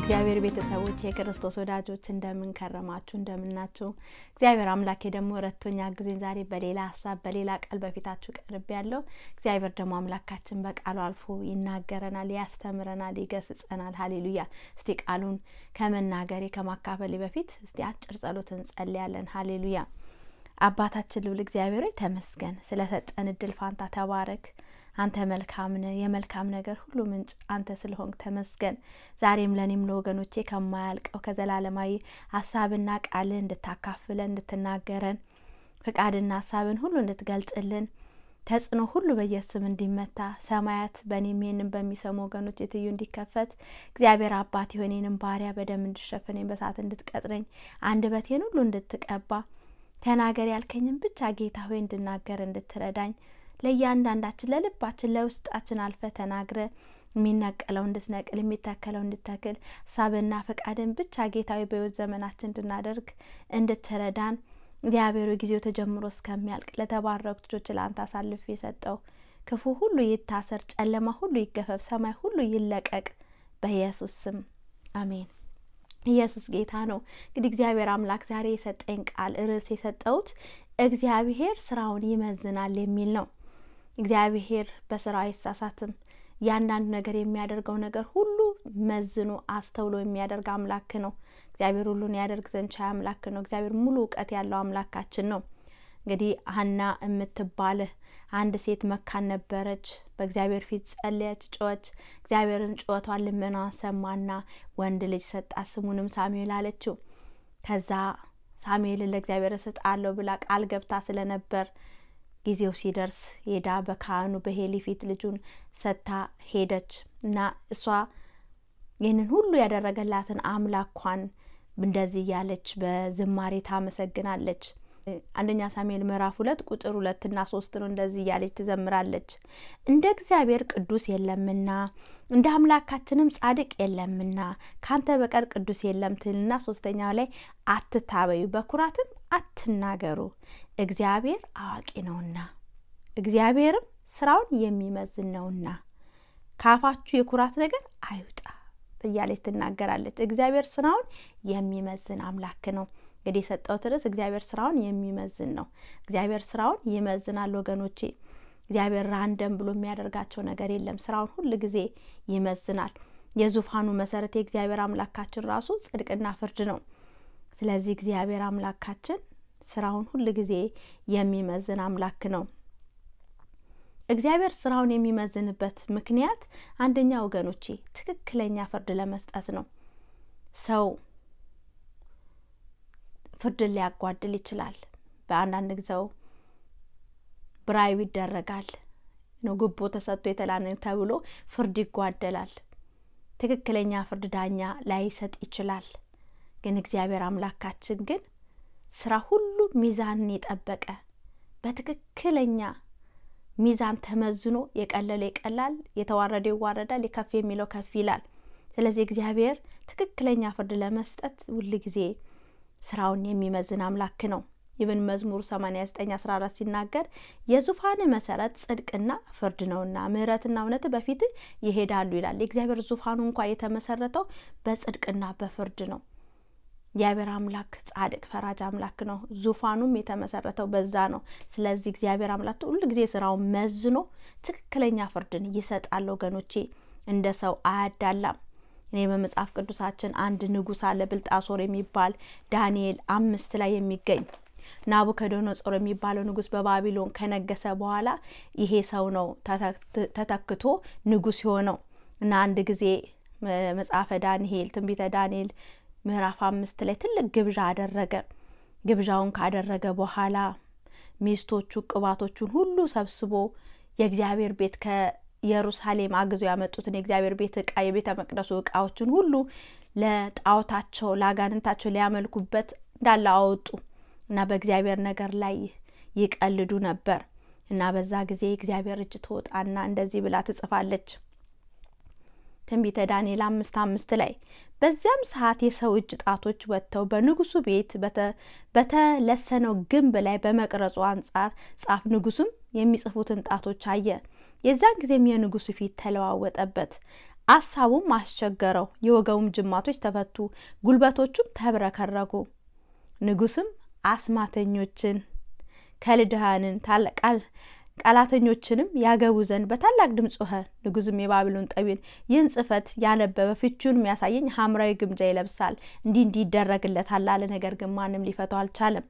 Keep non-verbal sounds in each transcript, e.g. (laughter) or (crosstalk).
የእግዚአብሔር ቤተሰቦች የክርስቶስ ወዳጆች እንደምንከረማችሁ እንደምናችሁ። እግዚአብሔር አምላኬ ደግሞ ረቶኛ ጊዜን ዛሬ በሌላ ሀሳብ በሌላ ቃል በፊታችሁ ቀርብ ያለው እግዚአብሔር ደግሞ አምላካችን በቃሉ አልፎ ይናገረናል፣ ያስተምረናል፣ ይገስጸናል። ሀሌሉያ። እስቲ ቃሉን ከመናገሬ ከማካፈሌ በፊት እስቲ አጭር ጸሎት እንጸልያለን። ሀሌሉያ። አባታችን ልውል እግዚአብሔር ተመስገን፣ ስለሰጠን እድል ፋንታ ተባረክ። አንተ መልካም ነህ፣ የመልካም ነገር ሁሉ ምንጭ አንተ ስለሆንክ ተመስገን። ዛሬም ለእኔም ለወገኖቼ ከማያልቀው ከዘላለማዊ ሀሳብና ቃልህ እንድታካፍለን እንድትናገረን ፍቃድና ሀሳብን ሁሉ እንድትገልጽልን ተጽዕኖ ሁሉ በኢየሱስም እንዲመታ ሰማያት በእኔም ይህንም በሚሰሙ ወገኖች የትዩ እንዲከፈት እግዚአብሔር አባት የሆኔንም ባሪያ በደም እንድሸፍነኝ በሳት እንድትቀጥረኝ አንደበቴን ሁሉ እንድትቀባ ተናገር ያልከኝም ብቻ ጌታ ሆይ እንድናገር እንድትረዳኝ ለእያንዳንዳችን ለልባችን ለውስጣችን አልፈ ተናግረ የሚነቀለው እንድትነቅል የሚተከለው እንድተክል ሳብና ፈቃድን ብቻ ጌታዊ በሕይወት ዘመናችን እንድናደርግ እንድትረዳን እግዚአብሔሩ ጊዜው ተጀምሮ እስከሚያልቅ ለተባረኩ ልጆች ለአንተ አሳልፍ የሰጠው ክፉ ሁሉ ይታሰር፣ ጨለማ ሁሉ ይገፈብ ሰማይ ሁሉ ይለቀቅ። በኢየሱስ ስም አሜን። ኢየሱስ ጌታ ነው። እንግዲህ እግዚአብሔር አምላክ ዛሬ የሰጠኝ ቃል ርዕስ የሰጠሁት እግዚአብሔር ስራውን ይመዝናል የሚል ነው። እግዚአብሔር በስራ አይሳሳትም። ያንዳንድ ነገር የሚያደርገው ነገር ሁሉ መዝኖ አስተውሎ የሚያደርግ አምላክ ነው። እግዚአብሔር ሁሉን ያደርግ ዘንድ ቻይ አምላክ ነው። እግዚአብሔር ሙሉ እውቀት ያለው አምላካችን ነው። እንግዲህ ሀና የምትባል አንድ ሴት መካን ነበረች። በእግዚአብሔር ፊት ጸለየች፣ ጮኸች። እግዚአብሔርም ጩኸቷን ልመና ሰማና ወንድ ልጅ ሰጣት፣ ስሙንም ሳሙኤል አለችው። ከዛ ሳሙኤልን ለእግዚአብሔር እሰጣለሁ ብላ ቃል ገብታ ስለነበር ጊዜው ሲደርስ ሄዳ በካህኑ በሄሊ ፊት ልጁን ሰጥታ ሄደች እና እሷ ይህንን ሁሉ ያደረገላትን አምላኳን እንደዚህ እያለች በዝማሬ ታመሰግናለች። አንደኛ ሳሙኤል ምዕራፍ ሁለት ቁጥር ሶስት ነው። እንደዚህ እያለች ትዘምራለች። እንደ እግዚአብሔር ቅዱስ የለምና እንደ አምላካችንም ጻድቅ የለምና ከአንተ በቀር ቅዱስ የለም ትልና ሶስተኛው ላይ አትታበዩ በኩራትም አትናገሩ፣ እግዚአብሔር አዋቂ ነውና እግዚአብሔርም ስራውን የሚመዝን ነውና ካፋችሁ የኩራት ነገር አይውጣ እያለች ትናገራለች። እግዚአብሔር ስራውን የሚመዝን አምላክ ነው። እንግዲህ የሰጠሁት ርዕስ እግዚአብሔር ስራውን የሚመዝን ነው። እግዚአብሔር ስራውን ይመዝናል ወገኖቼ። እግዚአብሔር ራንደም ብሎ የሚያደርጋቸው ነገር የለም። ስራውን ሁል ጊዜ ይመዝናል። የዙፋኑ መሰረት የእግዚአብሔር አምላካችን ራሱ ጽድቅና ፍርድ ነው። ስለዚህ እግዚአብሔር አምላካችን ስራውን ሁል ጊዜ የሚመዝን አምላክ ነው። እግዚአብሔር ስራውን የሚመዝንበት ምክንያት አንደኛ ወገኖቼ ትክክለኛ ፍርድ ለመስጠት ነው። ሰው ፍርድን ሊያጓድል ይችላል። በአንዳንድ ጊዜው ብራይብ ይደረጋል ነው ጉቦ ተሰጥቶ የተላነ ተብሎ ፍርድ ይጓደላል። ትክክለኛ ፍርድ ዳኛ ላይሰጥ ይችላል። ግን እግዚአብሔር አምላካችን ግን ስራ ሁሉ ሚዛንን የጠበቀ በትክክለኛ ሚዛን ተመዝኖ የቀለለ ይቀላል፣ የተዋረደ ይዋረዳል፣ የከፍ የሚለው ከፍ ይላል። ስለዚህ እግዚአብሔር ትክክለኛ ፍርድ ለመስጠት ሁል ጊዜ ስራውን የሚመዝን አምላክ ነው። ይብን መዝሙር 89 14 ሲናገር የዙፋን መሰረት ጽድቅና ፍርድ ነውና ምሕረትና እውነት በፊት ይሄዳሉ ይላል። የእግዚአብሔር ዙፋኑ እንኳ የተመሰረተው በጽድቅና በፍርድ ነው። እግዚአብሔር አምላክ ጻድቅ ፈራጅ አምላክ ነው። ዙፋኑም የተመሰረተው በዛ ነው። ስለዚህ እግዚአብሔር አምላክ ሁሉ ጊዜ ስራውን መዝኖ ትክክለኛ ፍርድን ይሰጣል። ወገኖቼ እንደ ሰው አያዳላም። እኔ በመጽሐፍ ቅዱሳችን አንድ ንጉሥ አለ ብልጣሶር የሚባል ዳንኤል አምስት ላይ የሚገኝ ናቡከደነጾር የሚባለው ንጉሥ በባቢሎን ከነገሰ በኋላ ይሄ ሰው ነው ተተክቶ ንጉሥ የሆነው እና አንድ ጊዜ መጽሐፈ ዳንኤል ትንቢተ ዳንኤል ምዕራፍ አምስት ላይ ትልቅ ግብዣ አደረገ። ግብዣውን ካደረገ በኋላ ሚስቶቹ ቅባቶቹን ሁሉ ሰብስቦ የእግዚአብሔር ቤት ከኢየሩሳሌም አግዞ ያመጡትን የእግዚአብሔር ቤት እቃ የቤተ መቅደሱ እቃዎችን ሁሉ ለጣዖታቸው ለአጋንንታቸው ሊያመልኩበት እንዳለ አወጡ እና በእግዚአብሔር ነገር ላይ ይቀልዱ ነበር እና በዛ ጊዜ እግዚአብሔር እጅ ትወጣና እንደዚህ ብላ ትጽፋለች ትንቢተ ዳንኤል አምስት አምስት ላይ በዚያም ሰዓት የሰው እጅ ጣቶች ወጥተው በንጉሱ ቤት በተለሰነው ግንብ ላይ በመቅረጹ አንጻር ጻፍ ንጉሱም የሚጽፉትን ጣቶች አየ። የዚያን ጊዜም የንጉሱ ፊት ተለዋወጠበት፣ አሳቡም አስቸገረው። የወገቡም ጅማቶች ተፈቱ፣ ጉልበቶቹም ተብረከረጉ። ንጉስም አስማተኞችን፣ ከልድሃንን ታለቃል ቀላተኞችንም ያገቡ ዘንድ በታላቅ ድምፅ ጮኸ። ንጉሡም የባቢሎን ጠቢን ይህን ጽሕፈት ያነበበ ፍቹን የሚያሳየኝ ሐምራዊ ግምጃ ይለብሳል፣ እንዲህ እንዲህ ይደረግለታል አለ። ነገር ግን ማንም ሊፈታው አልቻለም።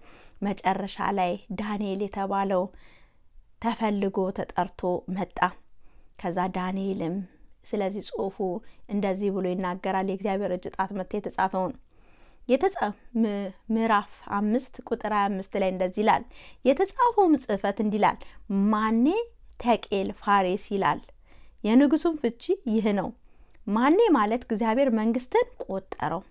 መጨረሻ ላይ ዳንኤል የተባለው ተፈልጎ ተጠርቶ መጣ። ከዛ ዳንኤልም ስለዚህ ጽሑፉ እንደዚህ ብሎ ይናገራል። የእግዚአብሔር እጅ ጣት መታ የተጻፈውን የተጻፈ ምዕራፍ አምስት ቁጥር 25 ላይ እንደዚህ ይላል። የተጻፈውም ጽህፈት እንዲህ ይላል፣ ማኔ ተቄል ፋሬስ ይላል። የንጉሱም ፍቺ ይህ ነው። ማኔ ማለት እግዚአብሔር መንግስትን ቆጠረው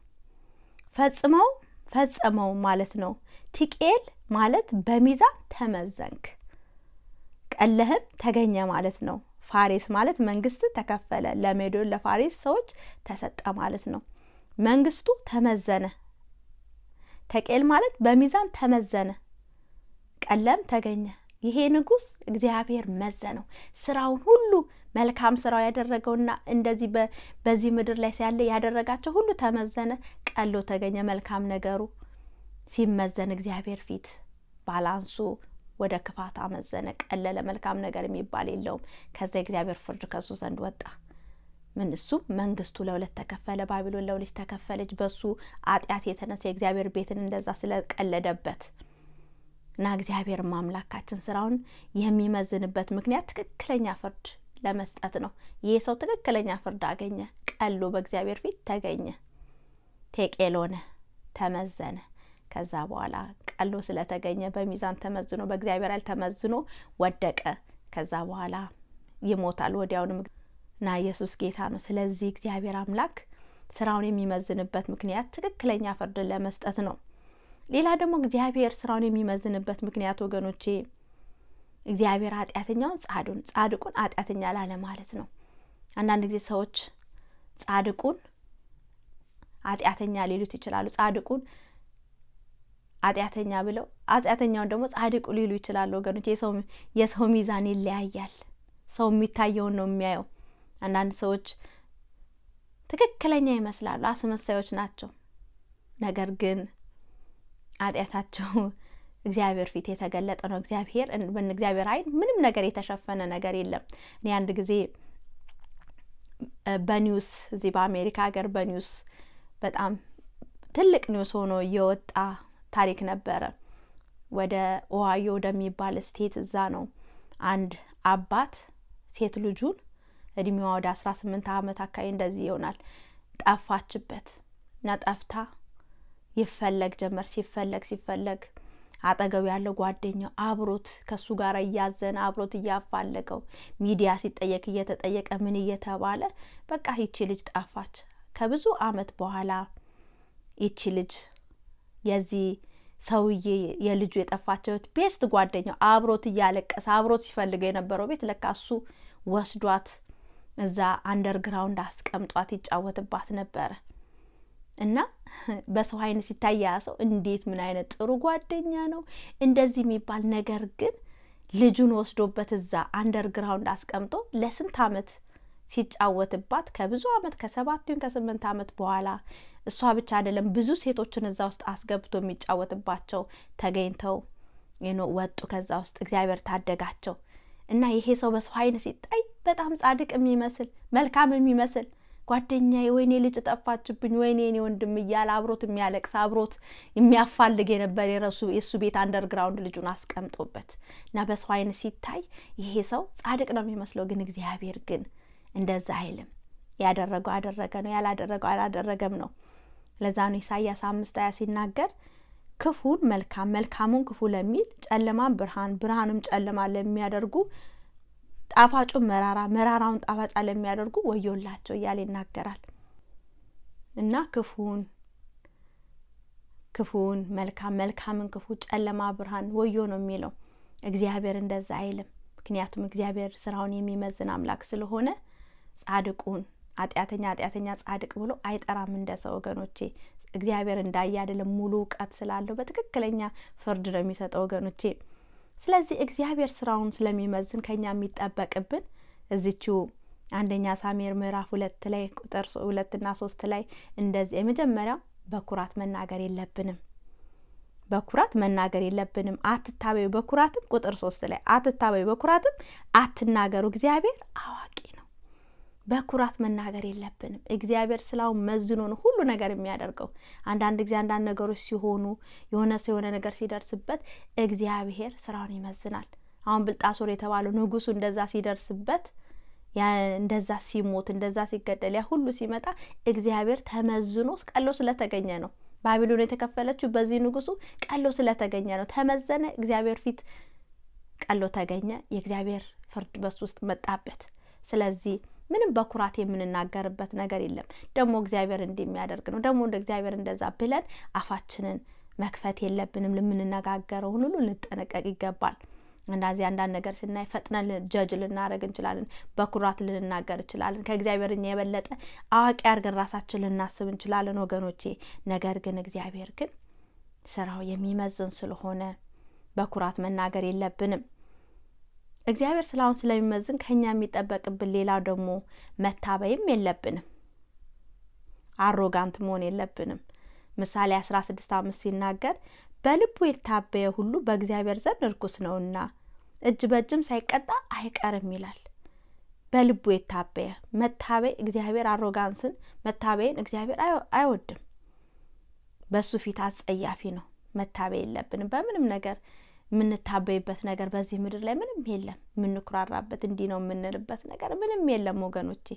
ፈጽመው ፈጸመው ማለት ነው። ቲቄል ማለት በሚዛን ተመዘንክ ቀለህም ተገኘ ማለት ነው። ፋሬስ ማለት መንግስት ተከፈለ፣ ለሜዶን ለፋሬስ ሰዎች ተሰጠ ማለት ነው። መንግስቱ ተመዘነ ተቄል ማለት በሚዛን ተመዘነ፣ ቀለም ተገኘ። ይሄ ንጉስ እግዚአብሔር መዘነው ስራውን ሁሉ መልካም ስራው ያደረገውና እንደዚህ በዚህ ምድር ላይ ሲያለ ያደረጋቸው ሁሉ ተመዘነ፣ ቀሎ ተገኘ። መልካም ነገሩ ሲመዘን እግዚአብሔር ፊት ባላንሱ ወደ ክፋት አመዘነ፣ ቀለለ። መልካም ነገር የሚባል የለውም። ከዚያ እግዚአብሔር ፍርድ ከሱ ዘንድ ወጣ። ምን እሱ መንግስቱ ለሁለት ተከፈለ፣ ባቢሎን ለሁለት ተከፈለች። በሱ አጢአት የተነሳ የእግዚአብሔር ቤትን እንደዛ ስለቀለደበት እና እግዚአብሔር ማምላካችን ስራውን የሚመዝንበት ምክንያት ትክክለኛ ፍርድ ለመስጠት ነው። ይህ ሰው ትክክለኛ ፍርድ አገኘ፣ ቀሎ በእግዚአብሔር ፊት ተገኘ፣ ቴቄሎነ ተመዘነ። ከዛ በኋላ ቀሎ ስለተገኘ በሚዛን ተመዝኖ በእግዚአብሔር ያል ተመዝኖ ወደቀ። ከዛ በኋላ ይሞታል ወዲያውንም ና ኢየሱስ ጌታ ነው። ስለዚህ እግዚአብሔር አምላክ ስራውን የሚመዝንበት ምክንያት ትክክለኛ ፍርድን ለመስጠት ነው። ሌላ ደግሞ እግዚአብሔር ስራውን የሚመዝንበት ምክንያት ወገኖቼ እግዚአብሔር ኃጢአተኛውን ጻዱን ጻድቁን ኃጢአተኛ ላለ ማለት ነው። አንዳንድ ጊዜ ሰዎች ጻድቁን ኃጢአተኛ ሊሉት ይችላሉ። ጻድቁን ኃጢአተኛ ብለው ኃጢአተኛውን ደግሞ ጻድቁ ሊሉ ይችላሉ። ወገኖች የሰው ሚዛን ይለያያል። ሰው የሚታየውን ነው የሚያየው። አንዳንድ ሰዎች ትክክለኛ ይመስላሉ፣ አስመሳዮች ናቸው። ነገር ግን ኃጢአታቸው (laughs) እግዚአብሔር ፊት የተገለጠ ነው። እግዚአብሔር እግዚአብሔር አይን ምንም ነገር የተሸፈነ ነገር የለም። እኔ አንድ ጊዜ በኒውስ እዚህ በአሜሪካ ሀገር በኒውስ በጣም ትልቅ ኒውስ ሆኖ የወጣ ታሪክ ነበረ። ወደ ኦሃዮ ወደሚባል ስቴት እዛ ነው አንድ አባት ሴት ልጁን እድሜዋ ወደ አስራ ስምንት ዓመት አካባቢ እንደዚህ ይሆናል ጠፋችበት እና ጠፍታ ይፈለግ ጀመር። ሲፈለግ ሲፈለግ አጠገቡ ያለው ጓደኛው አብሮት ከሱ ጋር እያዘነ አብሮት እያፋለገው ሚዲያ ሲጠየቅ እየተጠየቀ ምን እየተባለ በቃ ይቺ ልጅ ጠፋች። ከብዙ አመት በኋላ ይቺ ልጅ የዚህ ሰውዬ የልጁ የጠፋችበት ቤስት ጓደኛው አብሮት እያለቀሰ አብሮት ሲፈልገው የነበረው ቤት ለካ እሱ ወስዷት እዛ አንደርግራውንድ አስቀምጧት ይጫወትባት ነበረ። እና (laughs) በሰው አይን ሲታይ ያ ሰው እንዴት ምን አይነት ጥሩ ጓደኛ ነው እንደዚህ የሚባል ነገር ግን ልጁን ወስዶበት እዛ አንደርግራውንድ አስቀምጦ ለስንት አመት ሲጫወትባት ከብዙ አመት ከሰባት ይሁን ከስምንት ዓመት በኋላ እሷ ብቻ አይደለም ብዙ ሴቶችን እዛ ውስጥ አስገብቶ የሚጫወትባቸው ተገኝተው ወጡ። ከዛ ውስጥ እግዚአብሔር ታደጋቸው እና ይሄ ሰው በሰው አይን ሲታይ በጣም ጻድቅ የሚመስል መልካም የሚመስል ጓደኛ ወይኔ ልጅ ጠፋችብኝ፣ ወይኔ ኔ ወንድም እያለ አብሮት የሚያለቅስ አብሮት የሚያፋልግ የነበር የረሱ የእሱ ቤት አንደርግራውንድ ልጁን አስቀምጦበት እና በሰው ዓይን ሲታይ ይሄ ሰው ጻድቅ ነው የሚመስለው፣ ግን እግዚአብሔር ግን እንደዛ አይልም። ያደረገው አደረገ ነው፣ ያላደረገው አላደረገም ነው። ለዛ ነው ኢሳያስ አምስት ሃያ ሲናገር ክፉን መልካም መልካሙን ክፉ ለሚል ጨለማ ብርሃን ብርሃንም ጨለማ ለሚያደርጉ ጣፋጩ መራራ መራራውን ጣፋጭ ለሚያደርጉ ወዮላቸው እያለ ይናገራል እና ክፉን ክፉን መልካም መልካምን ክፉ፣ ጨለማ ብርሃን ወዮ ነው የሚለው። እግዚአብሔር እንደዛ አይልም። ምክንያቱም እግዚአብሔር ስራውን የሚመዝን አምላክ ስለሆነ ጻድቁን አጢአተኛ አጢአተኛ ጻድቅ ብሎ አይጠራም። እንደ ሰው ወገኖቼ እግዚአብሔር እንዳያደለም ሙሉ እውቀት ስላለው በትክክለኛ ፍርድ ነው የሚሰጠው ወገኖቼ። ስለዚህ እግዚአብሔር ስራውን ስለሚመዝን ከኛ የሚጠበቅብን እዚችው አንደኛ ሳሙኤል ምዕራፍ ሁለት ላይ ቁጥር ሁለትና ሶስት ላይ እንደዚህ የመጀመሪያው በኩራት መናገር የለብንም በኩራት መናገር የለብንም አትታበዩ በኩራትም ቁጥር ሶስት ላይ አትታበዩ በኩራትም አትናገሩ እግዚአብሔር አዋ በኩራት መናገር የለብንም። እግዚአብሔር ስላሁን መዝኖ ነው ሁሉ ነገር የሚያደርገው። አንዳንድ ጊዜ አንዳንድ ነገሮች ሲሆኑ የሆነ ሰው የሆነ ነገር ሲደርስበት እግዚአብሔር ስራውን ይመዝናል። አሁን ብልጣሶር የተባለው ንጉሱ እንደዛ ሲደርስበት እንደዛ ሲሞት እንደዛ ሲገደል ያ ሁሉ ሲመጣ እግዚአብሔር ተመዝኖ ቀሎ ስለተገኘ ነው። ባቢሎን የተከፈለችው በዚህ ንጉሱ ቀሎ ስለተገኘ ነው። ተመዘነ፣ እግዚአብሔር ፊት ቀሎ ተገኘ። የእግዚአብሔር ፍርድ በሱ ውስጥ መጣበት። ስለዚህ ምንም በኩራት የምንናገርበት ነገር የለም። ደግሞ እግዚአብሔር እንደሚያደርግ ነው። ደግሞ እንደ እግዚአብሔር እንደዛ ብለን አፋችንን መክፈት የለብንም። ለምንነጋገረውን ሁሉ ልንጠነቀቅ ይገባል። እንዳዚህ አንዳንድ ነገር ስናይ ፈጥነን ጀጅ ልናደረግ እንችላለን። በኩራት ልንናገር እንችላለን። ከእግዚአብሔር እኛ የበለጠ አዋቂ አድርገን ራሳችን ልናስብ እንችላለን ወገኖቼ። ነገር ግን እግዚአብሔር ግን ስራው የሚመዝን ስለሆነ በኩራት መናገር የለብንም። እግዚአብሔር ስላሁን ስለሚመዝን ከኛ የሚጠበቅብን ሌላ ደግሞ መታበይም የለብንም። አሮጋንት መሆን የለብንም። ምሳሌ አስራ ስድስት አምስት ሲናገር በልቡ የታበየ ሁሉ በእግዚአብሔር ዘንድ እርኩስ ነውና እጅ በእጅም ሳይቀጣ አይቀርም ይላል። በልቡ የታበየ መታበይ እግዚአብሔር አሮጋንስን መታበይን እግዚአብሔር አይወድም። በእሱ ፊት አጸያፊ ነው። መታበይ የለብንም በምንም ነገር የምንታበይበት ነገር በዚህ ምድር ላይ ምንም የለም። የምንኩራራበት እንዲህ ነው የምንልበት ነገር ምንም የለም ወገኖቼ።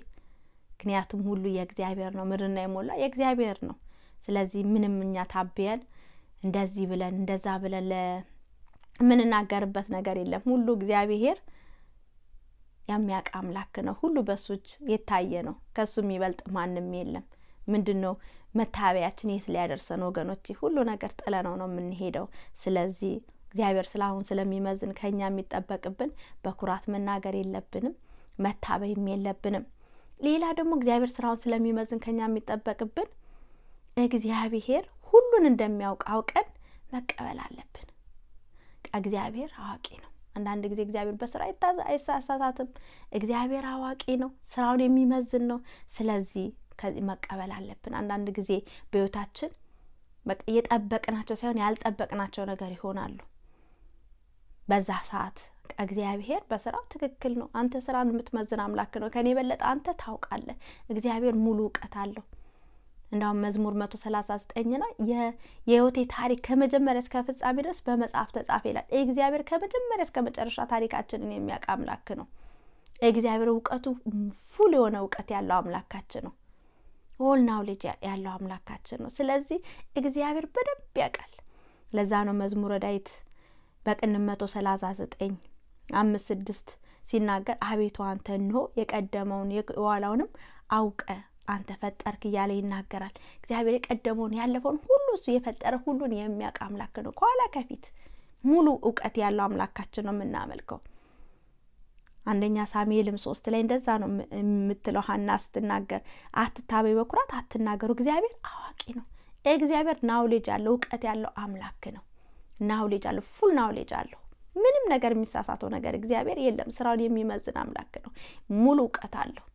ምክንያቱም ሁሉ የእግዚአብሔር ነው። ምድርና የሞላ የእግዚአብሔር ነው። ስለዚህ ምንም እኛ ታብየን እንደዚህ ብለን እንደዛ ብለን የምንናገርበት ነገር የለም። ሁሉ እግዚአብሔር የሚያውቅ አምላክ ነው። ሁሉ በሱ እጅ የታየ ነው። ከሱ የሚበልጥ ማንም የለም። ምንድን ነው መታበያችን? የት ሊያደርሰን ወገኖቼ? ሁሉ ነገር ጥለነው ነው የምንሄደው። ስለዚህ እግዚአብሔር ስለ አሁን ስለሚመዝን ከኛ የሚጠበቅብን በኩራት መናገር የለብንም፣ መታበይም የለብንም። ሌላ ደግሞ እግዚአብሔር ስራውን ስለሚመዝን ከኛ የሚጠበቅብን እግዚአብሔር ሁሉን እንደሚያውቅ አውቀን መቀበል አለብን። እግዚአብሔር አዋቂ ነው። አንዳንድ ጊዜ እግዚአብሔር በስራ አይሳሳትም። እግዚአብሔር አዋቂ ነው፣ ስራውን የሚመዝን ነው። ስለዚህ ከዚህ መቀበል አለብን። አንዳንድ ጊዜ በህይወታችን የጠበቅናቸው ሳይሆን ያልጠበቅናቸው ነገር ይሆናሉ። በዛ ሰዓት እግዚአብሔር በስራው ትክክል ነው። አንተ ስራን የምትመዝን አምላክ ነው። ከኔ የበለጠ አንተ ታውቃለህ። እግዚአብሔር ሙሉ እውቀት አለው። እንዳሁም መዝሙር መቶ ሰላሳ ዘጠኝ ላይ የህይወቴ ታሪክ ከመጀመሪያ እስከ ፍጻሜ ድረስ በመጽሐፍ ተጻፈ ይላል። እግዚአብሔር ከመጀመሪያ እስከ መጨረሻ ታሪካችንን የሚያውቅ አምላክ ነው። እግዚአብሔር እውቀቱ ፉል የሆነ እውቀት ያለው አምላካችን ነው። ኦል ናውሌጅ ያለው አምላካችን ነው። ስለዚህ እግዚአብሔር በደንብ ያውቃል። ለዛ ነው መዝሙረ ዳዊት በቅን 139 አምስት ስድስት ሲናገር አቤቱ አንተ እንሆ የቀደመውን የኋላውንም አውቀ አንተ ፈጠርክ እያለ ይናገራል። እግዚአብሔር የቀደመውን ያለፈውን ሁሉ እሱ የፈጠረ ሁሉን የሚያውቅ አምላክ ነው። ከኋላ ከፊት ሙሉ እውቀት ያለው አምላካችን ነው የምናመልከው። አንደኛ ሳሙኤልም ሶስት ላይ እንደዛ ነው የምትለው ሀና ስትናገር፣ አትታበይ በኩራት አትናገሩ፣ እግዚአብሔር አዋቂ ነው። እግዚአብሔር ናውሌጅ ያለው እውቀት ያለው አምላክ ነው። ናውሌጅ አለሁ፣ ፉል ናውሌጅ አለው። ምንም ነገር የሚሳሳተው ነገር እግዚአብሔር የለም። ስራውን የሚመዝን አምላክ ነው። ሙሉ እውቀት አለው።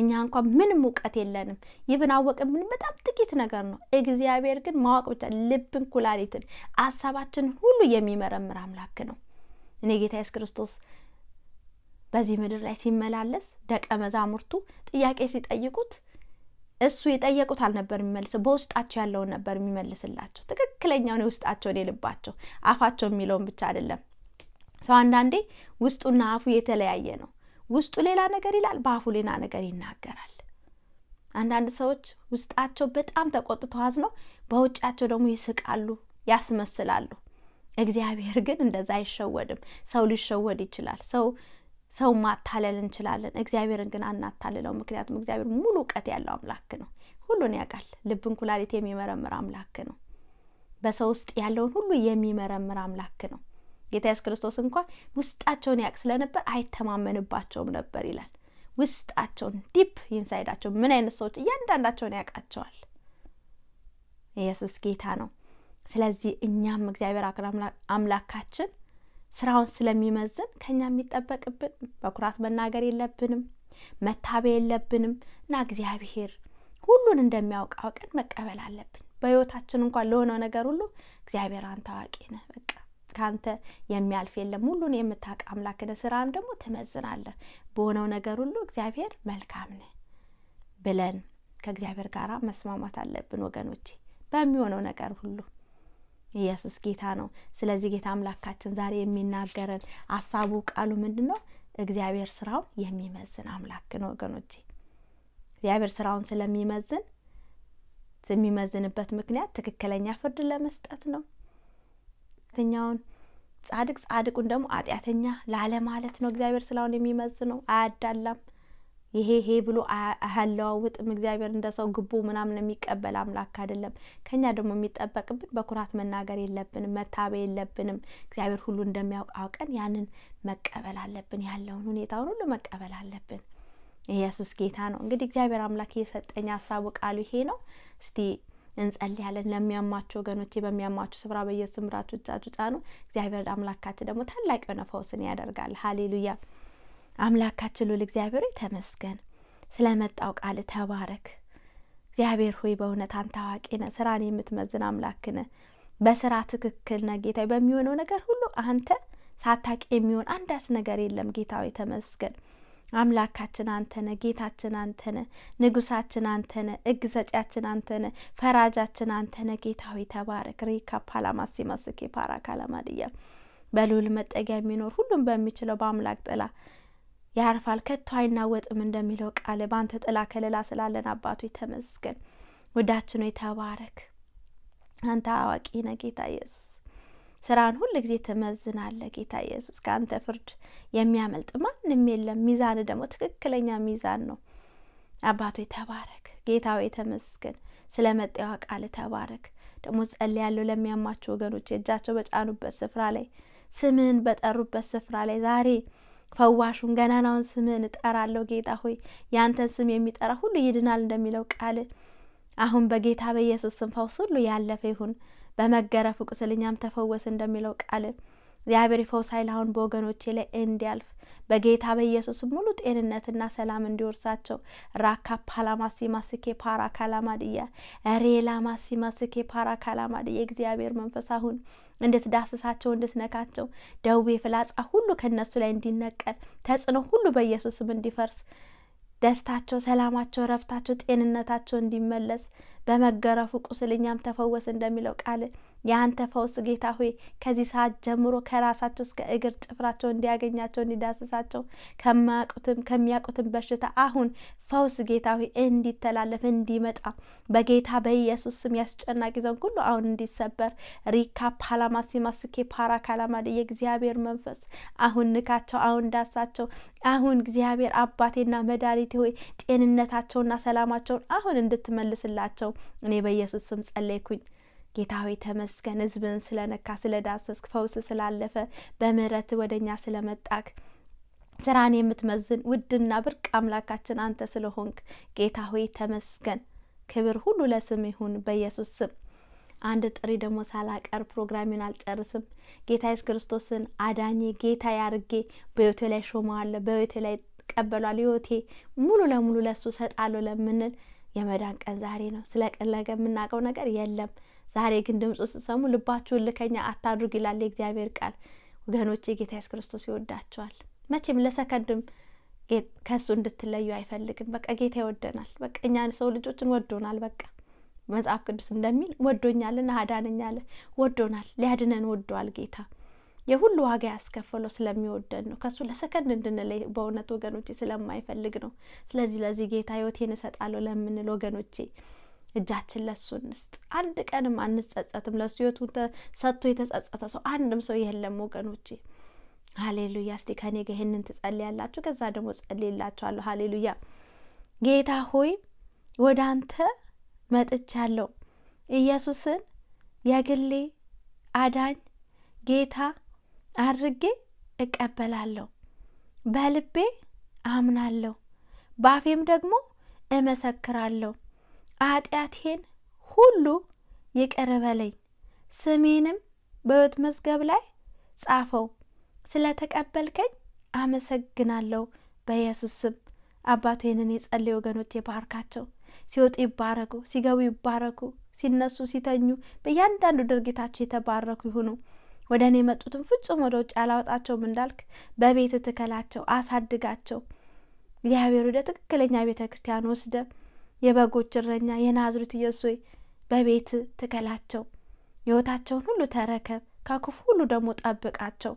እኛ እንኳን ምንም እውቀት የለንም። ይብን ምን በጣም ጥቂት ነገር ነው። እግዚአብሔር ግን ማወቅ ብቻ ልብን፣ ኩላሊትን፣ አሳባችንን ሁሉ የሚመረምር አምላክ ነው። እኔ ጌታ ኢየሱስ ክርስቶስ በዚህ ምድር ላይ ሲመላለስ ደቀ መዛሙርቱ ጥያቄ ሲጠይቁት እሱ የጠየቁት አልነበር የሚመልሰው፣ በውስጣቸው ያለውን ነበር የሚመልስላቸው። ትክክለኛውን የውስጣቸውን የልባቸው አፋቸው የሚለውን ብቻ አይደለም። ሰው አንዳንዴ ውስጡና አፉ የተለያየ ነው። ውስጡ ሌላ ነገር ይላል፣ በአፉ ሌላ ነገር ይናገራል። አንዳንድ ሰዎች ውስጣቸው በጣም ተቆጥቶ አዝነው፣ በውጫቸው ደግሞ ይስቃሉ፣ ያስመስላሉ። እግዚአብሔር ግን እንደዛ አይሸወድም። ሰው ሊሸወድ ይችላል። ሰው ሰው ማታለል እንችላለን፣ እግዚአብሔርን ግን አናታልለው። ምክንያቱም እግዚአብሔር ሙሉ እውቀት ያለው አምላክ ነው። ሁሉን ያውቃል። ልብን፣ ኩላሊት የሚመረምር አምላክ ነው። በሰው ውስጥ ያለውን ሁሉ የሚመረምር አምላክ ነው። ጌታ ኢየሱስ ክርስቶስ እንኳን ውስጣቸውን ያውቅ ስለነበር አይተማመንባቸውም ነበር ይላል። ውስጣቸውን ዲፕ ኢንሳይዳቸው ምን አይነት ሰዎች እያንዳንዳቸውን ያውቃቸዋል። ኢየሱስ ጌታ ነው። ስለዚህ እኛም እግዚአብሔር አምላካችን ስራውን ስለሚመዝን ከኛ የሚጠበቅብን በኩራት መናገር የለብንም፣ መታበይ የለብንም እና እግዚአብሔር ሁሉን እንደሚያውቅ አውቀን መቀበል አለብን። በህይወታችን እንኳን ለሆነው ነገር ሁሉ እግዚአብሔር አንተ አዋቂ ነህ፣ በቃ ከአንተ የሚያልፍ የለም፣ ሁሉን የምታውቅ አምላክ ነህ፣ ስራን ደግሞ ትመዝናለህ፣ በሆነው ነገር ሁሉ እግዚአብሔር መልካም ነህ ብለን ከእግዚአብሔር ጋር መስማማት አለብን ወገኖቼ፣ በሚሆነው ነገር ሁሉ ኢየሱስ ጌታ ነው። ስለዚህ ጌታ አምላካችን ዛሬ የሚናገረን ሀሳቡ ቃሉ ምንድን ነው? እግዚአብሔር ስራውን የሚመዝን አምላክ ነው ወገኖቼ። እግዚአብሔር ስራውን ስለሚመዝን የሚመዝንበት ምክንያት ትክክለኛ ፍርድ ለመስጠት ነው። ኛውን ጻድቅ ጻድቁን ደግሞ አጢአተኛ ላለማለት ነው። እግዚአብሔር ስራውን የሚመዝነው አያዳላም። ይሄ ይሄ ብሎ አያለዋውጥም። እግዚአብሔር እንደ ሰው ግቡ ምናምን የሚቀበል አምላክ አይደለም። ከኛ ደግሞ የሚጠበቅብን በኩራት መናገር የለብንም፣ መታበ የለብንም። እግዚአብሔር ሁሉ እንደሚያውቅ አውቀን ያንን መቀበል አለብን። ያለውን ሁኔታውን ሁሉ መቀበል አለብን። ኢየሱስ ጌታ ነው። እንግዲህ እግዚአብሔር አምላክ የሰጠኝ ሀሳቡ ቃሉ ይሄ ነው። እስቲ እንጸልያለን። ለሚያማቸው ወገኖቼ በሚያማቸው ስፍራ ምራቱ ጫጩ ጫኑ። እግዚአብሔር አምላካችን ደግሞ ታላቅ የሆነ ፈውስን ያደርጋል። ሀሌሉያ አምላካችን ልዑል እግዚአብሔር ሆይ ተመስገን። ስለመጣው ቃል ተባረክ። እግዚአብሔር ሆይ በእውነት አንተ አዋቂ ነህ፣ ስራን የምትመዝን አምላክ ነህ። በስራ ትክክል ነህ ጌታ። በሚሆነው ነገር ሁሉ አንተ ሳታቂ የሚሆን አንዳች ነገር የለም ጌታ ሆይ ተመስገን። አምላካችን አንተ ነህ፣ ጌታችን አንተ ነህ፣ ንጉሳችን አንተ ነህ፣ እግ ሰጪያችን አንተ ነህ፣ ፈራጃችን አንተ ነህ። ጌታ ሆይ ተባረክ። ሪካ ፓላማሲ ፓራካላማድያ ፓራ በልዑል መጠጊያ የሚኖር ሁሉም በሚችለው በአምላክ ጥላ ያርፋል ከቶ አይናወጥም እንደሚለው ቃል በአንተ ጥላ ከለላ ስላለን አባቱ ተመስገን። ወዳችን ተባረክ አንተ አዋቂ ነ ጌታ ኢየሱስ። ስራን ሁል ጊዜ ትመዝናለ ጌታ ኢየሱስ። ከአንተ ፍርድ የሚያመልጥ ማንም የለም። ሚዛን ደግሞ ትክክለኛ ሚዛን ነው። ተባረክ። ጌታ ጌታው ተመስገን ስለ መጤዋ ቃል ተባረክ። ደግሞ ያለው ለሚያማቸው ወገኖች እጃቸው በጫኑበት ስፍራ ላይ ስምህን በጠሩበት ስፍራ ላይ ዛሬ ፈዋሹን ገናናውን ስምህን እጠራለሁ ጌታ ሆይ ያንተን ስም የሚጠራ ሁሉ ይድናል እንደሚለው ቃል አሁን በጌታ በኢየሱስ ስም ፈውስ ሁሉ ያለፈ ይሁን፣ በመገረፉ ቁስልኛም ተፈወስ እንደሚለው ቃል እግዚአብሔር የፈውስ ኃይል አሁን በወገኖቼ ላይ እንዲያልፍ በጌታ በኢየሱስ ሙሉ ጤንነትና ሰላም እንዲወርሳቸው ራካ ፓላማሲ ማስኬ ፓራ ካላማድያ ሬላ ማሲ ማስኬ ፓራ ካላማድያ የእግዚአብሔር መንፈስ አሁን እንድትዳስሳቸው እንድትነካቸው፣ ደዌ ፍላጻ ሁሉ ከእነሱ ላይ እንዲነቀል፣ ተጽዕኖ ሁሉ በኢየሱስም እንዲፈርስ፣ ደስታቸው፣ ሰላማቸው፣ ረፍታቸው፣ ጤንነታቸው እንዲመለስ በመገረፉ ቁስል እኛም ተፈወስ እንደሚለው ቃል የአንተ ፈውስ ጌታ ሆይ ከዚህ ሰዓት ጀምሮ ከራሳቸው እስከ እግር ጥፍራቸው እንዲያገኛቸው እንዲዳስሳቸው ከማያውቁትም ከሚያውቁትም በሽታ አሁን ፈውስ ጌታ ሆይ እንዲተላለፍ እንዲመጣ በጌታ በኢየሱስ ስም ያስጨናቂ ዘን ሁሉ አሁን እንዲሰበር ሪካ ፓላማ ሲማስኬ ፓራ ካላማ የእግዚአብሔር መንፈስ አሁን ንካቸው፣ አሁን ዳሳቸው። አሁን እግዚአብሔር አባቴና መድኃኒቴ ሆይ ጤንነታቸውና ሰላማቸውን አሁን እንድትመልስላቸው እኔ በኢየሱስ ስም ጸለይኩኝ። ጌታ ሆይ ተመስገን። ህዝብን ስለነካ ስለዳሰስክ፣ ፈውስ ስላለፈ በምህረት ወደ እኛ ስለመጣክ ስራን የምትመዝን ውድና ብርቅ አምላካችን አንተ ስለሆንክ ጌታ ሆይ ተመስገን። ክብር ሁሉ ለስም ይሁን በኢየሱስ ስም። አንድ ጥሪ ደግሞ ሳላቀር ፕሮግራሜን አልጨርስም። ጌታ ኢየሱስ ክርስቶስን አዳኝ ጌታ ያርጌ በህይወቴ ላይ ሾመዋለሁ፣ በህይወቴ ላይ ቀበሏል፣ ህይወቴ ሙሉ ለሙሉ ለእሱ ሰጣለሁ ለምንል የመዳን ቀን ዛሬ ነው። ስለ ቀለገ የምናውቀው ነገር የለም። ዛሬ ግን ድምፁ ስትሰሙ ልባችሁ ልከኛ አታድርጉ ይላል የእግዚአብሔር ቃል። ወገኖች ጌታ ኢየሱስ ክርስቶስ ይወዳቸዋል። መቼም ለሰከንድም ከእሱ እንድትለዩ አይፈልግም። በቃ ጌታ ይወደናል። በቃ እኛ ሰው ልጆችን ወዶናል። በቃ መጽሐፍ ቅዱስ እንደሚል ወዶኛልና አዳነኛል። ወዶናል፣ ሊያድነን ወዷል ጌታ የሁሉ ዋጋ ያስከፈለው ስለሚወደን ነው። ከእሱ ለሰከንድ እንድንለይ በእውነት ወገኖቼ ስለማይፈልግ ነው። ስለዚህ ለዚህ ጌታ ህይወቴን እሰጣለሁ ለምንል ወገኖቼ እጃችን ለሱ እንስጥ። አንድ ቀንም አንጸጸትም። ለሱ ህይወቱን ሰጥቶ የተጸጸተ ሰው አንድም ሰው የለም ወገኖቼ። ሀሌሉያ። እስቲ ከኔ ጋር ይህንን ትጸልያላችሁ፣ ከዛ ደግሞ ጸልይላችኋለሁ። ሀሌሉያ። ጌታ ሆይ ወደ አንተ መጥቻለሁ። ኢየሱስን የግሌ አዳኝ ጌታ አድርጌ እቀበላለሁ። በልቤ አምናለሁ፣ በአፌም ደግሞ እመሰክራለሁ ኃጢአቴን ሁሉ ይቅር በለኝ፣ ስሜንም በሕይወት መዝገብ ላይ ጻፈው። ስለ ተቀበልከኝ አመሰግናለሁ። በኢየሱስ ስም አባቱ ይህንን የጸለዩ ወገኖች የባርካቸው። ሲወጡ ይባረኩ፣ ሲገቡ ይባረኩ፣ ሲነሱ ሲተኙ፣ በእያንዳንዱ ድርጊታቸው የተባረኩ ይሁኑ። ወደ እኔ የመጡትን ፍጹም ወደ ውጭ አላወጣቸውም እንዳልክ በቤት ትከላቸው፣ አሳድጋቸው። እግዚአብሔር ወደ ትክክለኛ ቤተ ክርስቲያን ወስደ የበጎች እረኛ የናዝሬቱ ኢየሱስ ሆይ በቤት ትከላቸው፣ ሕይወታቸውን ሁሉ ተረከብ፣ ከክፉ ሁሉ ደግሞ ጠብቃቸው፣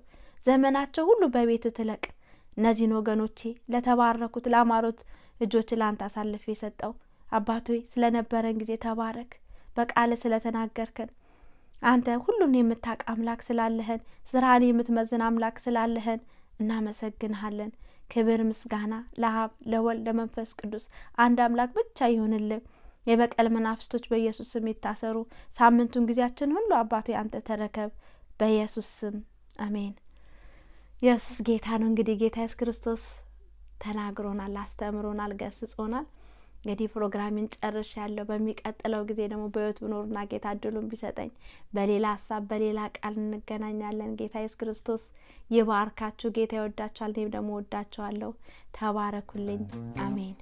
ዘመናቸው ሁሉ በቤት ትለቅ። እነዚህን ወገኖቼ ለተባረኩት ለአማሩት እጆች ለአንተ አሳልፌ የሰጠው አባቶ ስለነበረን ጊዜ ተባረክ። በቃለ ስለተናገርከን አንተ ሁሉን የምታውቅ አምላክ ስላለህን ስራህን የምትመዝን አምላክ ስላለህን እናመሰግንሃለን። ክብር ምስጋና ለአብ ለወልድ ለመንፈስ ቅዱስ አንድ አምላክ ብቻ ይሁንልን። የበቀል መናፍስቶች በኢየሱስ ስም ይታሰሩ። ሳምንቱን ጊዜያችን ሁሉ አባቱ አንተ ተረከብ፣ በኢየሱስ ስም አሜን። ኢየሱስ ጌታ ነው። እንግዲህ ጌታ ኢየሱስ ክርስቶስ ተናግሮናል፣ አስተምሮናል፣ ገስጾናል። እንግዲህ ፕሮግራሚን ጨርሽ ያለው በሚቀጥለው ጊዜ ደግሞ በህይወት ብኖርና ጌታ እድሉን ቢሰጠኝ በሌላ ሀሳብ በሌላ ቃል እንገናኛለን። ጌታ ኢየሱስ ክርስቶስ ይባርካችሁ። ጌታ ይወዳችኋል፣ እኔም ደግሞ ወዳችኋለሁ። ተባረኩልኝ። አሜን።